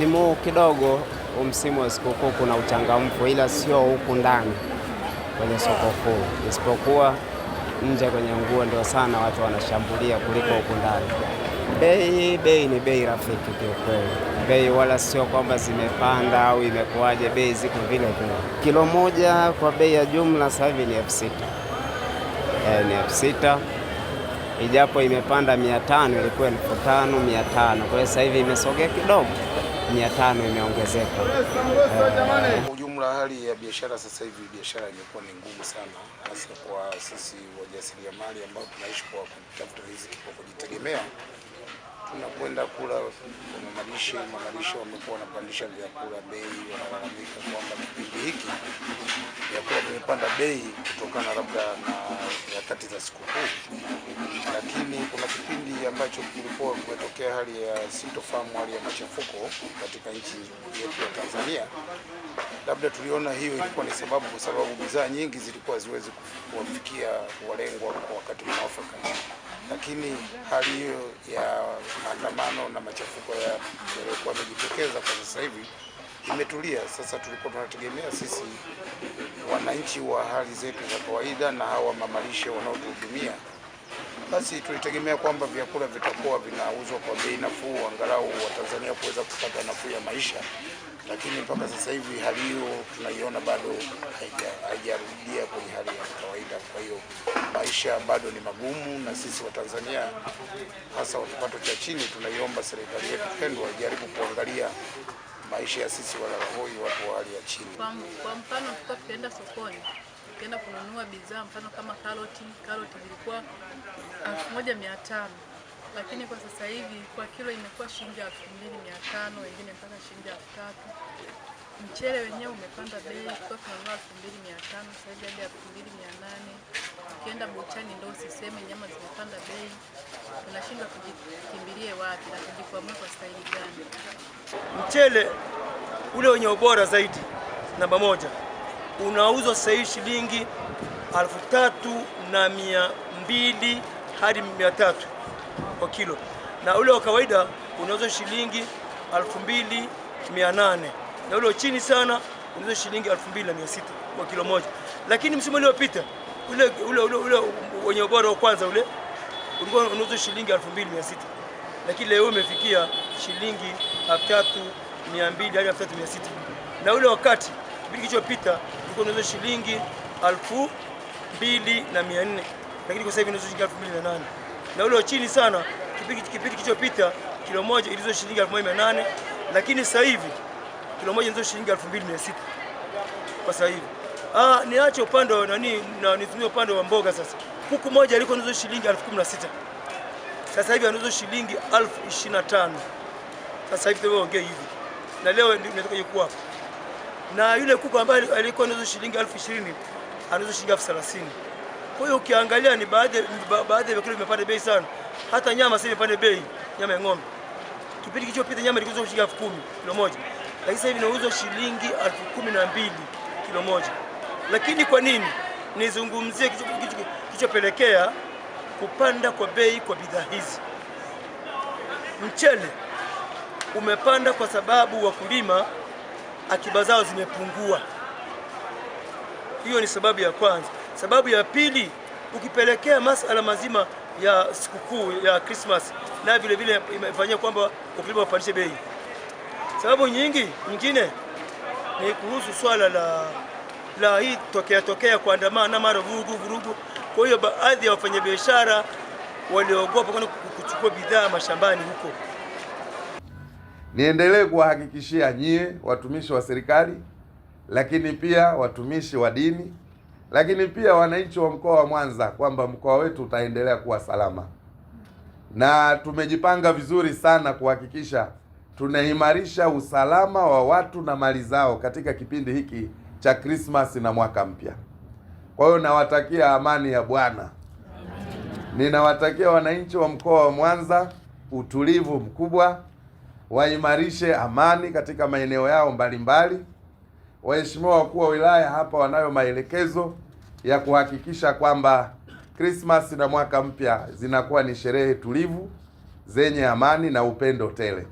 Msimu kidogo, msimu wa sikukuu kuna uchangamfu, ila sio huku ndani kwenye soko kuu, isipokuwa nje kwenye nguo ndio sana watu wanashambulia kuliko huku ndani. Bei bei ni bei rafiki kiukweli, bei wala sio kwamba zimepanda au imekuwaje, bei ziko vile vile. Kilo moja kwa bei ya jumla sasa hivi ni elfu sita e, ni elfu sita ijapo imepanda mia tano, ilikuwa elfu tano mia tano. Kwa hiyo sasa hivi imesogea kidogo mia tano imeongezeka eh. kwa ujumla. Hali ya biashara sasa hivi, biashara imekuwa ni ngumu sana, hasa kwa sisi wajasiriamali ambao tunaishi kwa kutafuta riziki kwa kujitegemea tunakwenda kula malishe, malishe wamekuwa wanapandisha vyakula bei, wanalalamika kwamba kipindi hiki vyakula vimepanda bei kutokana labda na nyakati za sikukuu, lakini kuna kipindi ambacho kilikuwa kumetokea hali ya sintofahamu, hali ya machafuko katika nchi yetu ya Tanzania. Labda tuliona hiyo ilikuwa ni sababu, kwa sababu bidhaa nyingi zilikuwa ziwezi kuwafikia walengwa kwa wakati mwafaka, lakini hali hiyo ya maandamano na machafuko yaliyokuwa yamejitokeza kwa sasa hivi imetulia sasa. Tulikuwa tunategemea sisi wananchi wa hali zetu za kawaida na hawa mamalishe wanaotuhudumia, basi tulitegemea kwamba vyakula vitakuwa vinauzwa kwa bei nafuu, angalau Watanzania kuweza kupata nafuu ya maisha, lakini mpaka sasa hivi hali hiyo tunaiona bado haijarudia kwenye hali ya kawaida. Kwa hiyo maisha bado ni magumu, na sisi Watanzania hasa wa kipato cha chini tunaiomba serikali yetu pendwa ijaribu kuangalia maisha ya sisi walalahoi, watu wa hali ya chini. Kwa mfano, tulikuwa tukienda sokoni, tukienda kununua bidhaa, mfano kama karoti, karoti zilikuwa elfu moja mia tano lakini kwa sasa hivi kwa kilo imekuwa shilingi elfu mbili mia tano wengine mpaka shilingi elfu tatu Mchele wenyewe umepanda bei kutoka kununua elfu mbili mia tano sasa hivi hadi elfu mbili mia nane Ukienda buchani ndo usiseme, nyama zimepanda bei, unashindwa kujikimbilie wapi na kujikwamua kwa staili gani? Mchele ule wenye ubora zaidi namba moja unauzwa sahii shilingi elfu tatu na mia mbili hadi mia tatu kwa kilo, na ule wa kawaida unauzwa shilingi elfu mbili mia nane na ule chini sana unauza shilingi 2600 kwa kilo moja, lakini msimu uliopita ule ule ule, ule wenye ubora wa kwanza ule ulikuwa unauza shilingi 2600 lakini leo umefikia shilingi 3200 hadi 3600 na ule wakati kipindi kilichopita ulikuwa unauza shilingi 2400 lakini kwa sasa hivi unauza shilingi 2800 na ule wa chini sana kipindi kilichopita kilo moja ilizo shilingi 1800 lakini sasa hivi kilo moja ndio shilingi 2600 kwa sasa hivi. Ah, niache upande wa nani na nitumie upande wa mboga sasa. Kuku moja liko nuzo shilingi 1016. Sasa hivi anuzo shilingi 1025. Sasa hivi tumeongea hivi. Na leo nimetoka yuko hapa. Na yule kuku ambaye alikuwa nuzo shilingi 1020 anuzo shilingi 1030. Kwa hiyo ukiangalia ni baadhi baadhi ya vyakula vimepanda bei sana. Hata nyama sasa imepanda bei, nyama ya ng'ombe. Kipindi kilichopita nyama ilikuwa shilingi 10000 kilo moja lakini sasa hivi inauzwa shilingi elfu kumi na mbili kilo moja. Lakini kwa nini? Nizungumzie kilichopelekea kupanda kwa bei kwa bidhaa hizi. Mchele umepanda kwa sababu wakulima akiba zao zimepungua. Hiyo ni sababu ya kwanza. Sababu ya pili, ukipelekea masala mazima ya sikukuu ya Christmas na vile vile imefanyia kwamba wakulima wapandishe bei. Sababu nyingi nyingine ni kuhusu swala la, la hii tokea tokea kuandamana mara vurugu vurugu. Kwa hiyo baadhi ya wafanyabiashara waliogopa kwani kuchukua bidhaa mashambani huko. Niendelee kuwahakikishia nyie watumishi wa serikali, lakini pia watumishi wa dini, lakini pia wananchi wa mkoa wa Mwanza kwamba mkoa wetu utaendelea kuwa salama na tumejipanga vizuri sana kuhakikisha tunaimarisha usalama wa watu na mali zao katika kipindi hiki cha Krismasi na mwaka mpya. Kwa hiyo nawatakia amani ya Bwana. Ninawatakia wananchi wa mkoa wa Mwanza utulivu mkubwa, waimarishe amani katika maeneo yao mbalimbali. Waheshimiwa wakuu wa wilaya hapa wanayo maelekezo ya kuhakikisha kwamba Krismasi na mwaka mpya zinakuwa ni sherehe tulivu zenye amani na upendo tele.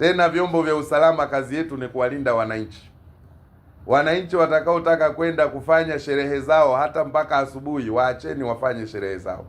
Tena vyombo vya usalama kazi yetu ni kuwalinda wananchi. Wananchi watakaotaka kwenda kufanya sherehe zao hata mpaka asubuhi, waacheni wafanye sherehe zao.